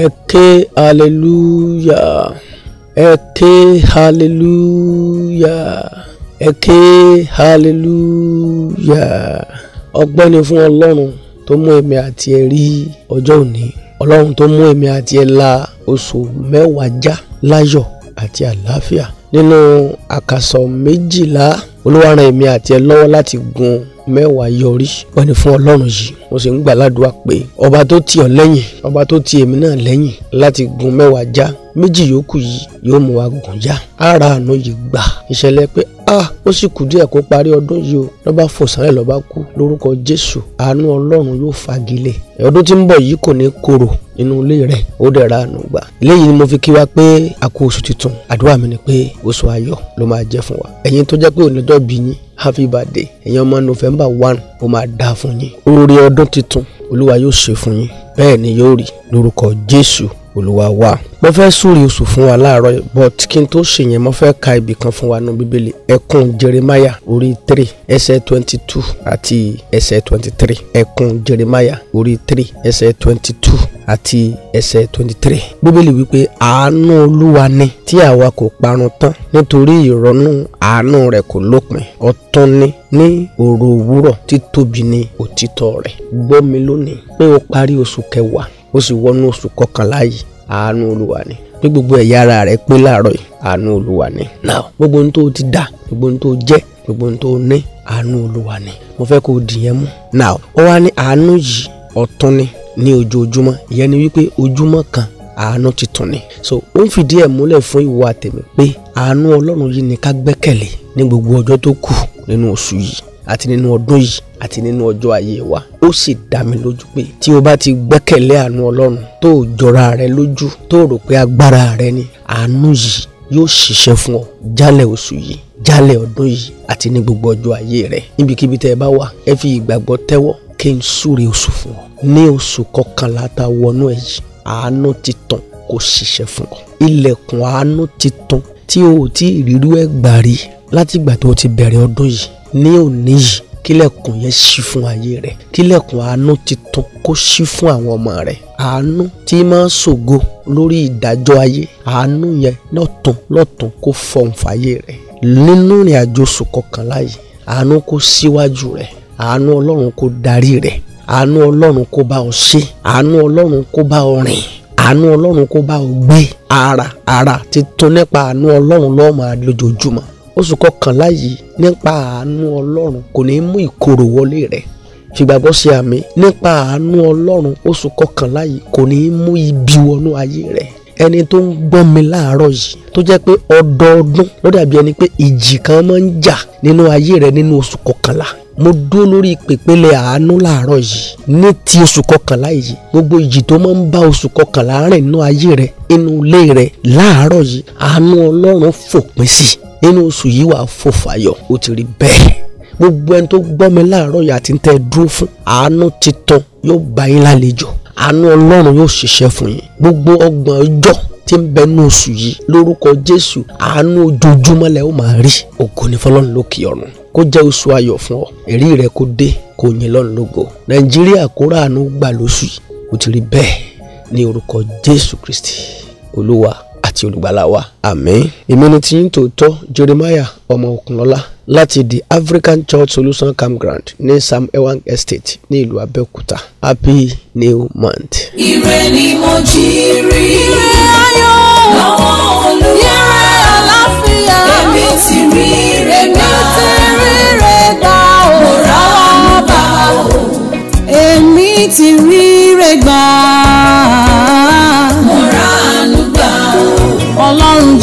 ẹ ké hallelujah ẹ ké hallelujah ẹ hallelujah ọgbẹ́ ni fún ọlọ́run tó mú èmi àti ẹ rí ọjọ́ òní ọlọ́run tó mú èmi àti ẹ la oṣù mẹ́wàá já láyọ̀ àti àlàáfíà nínú àkàsọ̀ méjìlá olúwa èmi àti ẹ lọ́wọ́ láti gun mẹ́wàá yọrí wọ́n ní fún ọlọ́run yìí mo sì ń gbàládùá pé ọba tó ti ọ lẹ́yìn ọba tó ti èmi náà lẹ́yìn láti gun mẹ́wàá já méjì yòókù yìí yóò mú wa gùn já ara àánú yìí gbà ìṣẹ̀lẹ̀ pé ah ó sì kù díẹ̀ kó parí ọdún yìí o lọ́ba fòsànlẹ̀ lọ́ba kú lórúkọ Jésù àánú ọlọ́run yóò fagilé ọdún tí ń bọ̀ yìí kò ní korò nínú ilé rẹ̀ ó dẹ̀ra àánú gbà eléyìí ni mo fi kí wa pé a tuntun àdúrà mi ni pé oṣù ayọ̀ ló máa jẹ́ fún wa ẹ̀yin tó jẹ́ pé òní dọ́ọ̀bì yín happy birthday ẹ̀yin ọmọ november one ó máa dáa fún yín oore ọdún tuntun olúwa yóò ṣe fún yín bẹ́ẹ̀ ni yóò rí lórúkọ jésù olúwa wa. mo fẹ́ súre oṣù fún wa láàárọ̀ but kí n tó ṣe yẹn mo fẹ́ ka ibì kan fún wa nínú bíbélì ẹkùn jeremaya orí three ẹsẹ̀ twenty two àti ẹsẹ̀ twenty three ẹkùn jeremaya orí three ẹsẹ̀ twenty two àti ẹsẹ̀ twenty three bíbélì wípé àánú olúwa ni tí àwa kò parun tán nítorí ìrọ́nú àánú rẹ̀ kò lópin ọ̀tun ni ní òru òwúrọ̀ títóbi ni òtítọ́ rẹ̀ gbọ́ mi lónìí pé o parí oṣù kẹwàá o sì wọnú oṣù kọkànlá yìí àánú olúwa ni pé gbogbo ẹ̀yà ara rẹ̀ pé láàárọ̀ yìí àánú olúwa ni now gbogbo ohun tó ti dà gbogbo ohun tó jẹ́ gbogbo ohun tó ní àánú olúwa ni mo fẹ́ kó o dìyẹn mú now ó wá ní àánú yìí ọ̀tun ni ní ojoojúmọ́ ìyẹn ni wípé ojúmọ́ kan àánú ti tàn ní. so ó ń fìdí ẹ̀ múlẹ̀ fún ìwọ àtẹ̀mí pé àánú ọlọ́run yìí ni ká gbẹ́kẹ̀lé ní gbogbo ọjọ́ tó kù nínú oṣù yìí àti nínú ọdún yìí àti nínú ọjọ́ ayé wa ó sì dá mi lójú pé tí o bá ti gbẹ́kẹ̀lé àánú ọlọ́run tó jọra rẹ lójú tó rò pé agbára rẹ ni àánú yìí yóò ṣiṣẹ́ fún ọ jálẹ̀ oṣù yìí jálẹ̀ ọdún yìí àti ní gbogbo ọjọ́ ayé rẹ níbikíbi tẹ́ ẹ bá wà ẹ fi ìgbàgbọ́ tẹ́wọ́ kí n súre oṣù fún ọ ní oṣù kọkànlá ta wọnú ẹ yìí àánú ti tàn kò ṣiṣẹ́ fún ọ ilẹ̀kùn àánú ti tàn tí o ò tí ìrírú ẹ̀ gbà rí látìgbà tó o ti bẹ̀rẹ̀ ọdún yìí ní òní yìí kílẹ̀kùn yẹn ṣí fún ayé rẹ̀ kílẹ̀kùn àánú ti tàn kó ṣí fún àwọn ọmọ rẹ̀ àánú tí máa ṣògo lórí ìdájọ́ ayé àánú yẹn lọ́tún lọ́tún kó fọhùn fàyè rẹ̀ nínú ìrìn oṣù kọkànlá yìí àánú kó síwájú rẹ̀ àánú ọlọ́run kó darí rẹ̀ àánú ọlọ́run kó bá ọ ṣe àánú ọlọ́run kó bá ọ rìn àánú ọlọ́run kó bá ọ gbé ara ara ti tó nípa àánú ọlọ́run lọ́ọ́ máa lójoojúmọ́ oṣù kọkànlá yìí nípa àánú ọlọ́run kò ní mú ìkorò wọlé rẹ̀ fìgbàgbọ́ ṣe àmì nípa àánú ọlọ́run oṣù kọkànlá yìí kò ní mú ibi wọnú ayé rẹ̀ ẹni tó ń gbọ́n mi láàárọ̀ yìí tó jẹ́ pé ọdọọdún ló dàbí ẹni pé ìjì kan máa ń jà nínú ayé rẹ nínú oṣù kọkànlá mo dúró lórí ìpèpele àánú làárọ̀ yìí ní ti oṣù kọkànlá yìí gbogbo ìjì tó máa ń bá oṣù kọkànlá rìn nínú ayé rẹ inú ilé rẹ láàárọ̀ yìí àánú ọlọ́run fòpin sí nínú oṣù yìí wàá fò fàyọ̀ ó ti rí bẹ́ẹ̀ gbogbo ẹni tó gbọ́ mi láàárọ̀ yìí àti ń tẹ́ dúró fún àánú ti tán yóò bá yín lálejò àánú ọlọ́run yóò ṣiṣẹ́ fún yín gbogbo ọgbọ̀n ọjọ́ tí ń bẹ ní oṣù yìí lórúkọ jésù àánú ojoojúmọ́ lẹ ó máa rí ògo ní fọlọ́run lókè ọ̀run kó jẹ́ oṣù ayọ̀ fún ọ èrí rẹ kó dé kó yìn lọ́run lógo nàìjíríà kó ráàánú gbà lóṣù yìí ó ti rí bẹ́ẹ̀ ní orúkọ jésù kristi olúwa àti olùgbàlà wa àmín èmi ni tí ń tòótọ́ Jeremiah ọmọ Òkunlọ́lá láti the African Church Solution Campground ní Sam Ewan Estate ní ìlú Abẹ́òkúta happy new month. ire ni mo jí rí ire ayọ̀ lọ́wọ́ olúwa ire àlàáfíà èmi ti rí ire gbà èmi ti rí ire gbà o mo rà wá bá o èmi ti rí ire gbà. ọlọ́run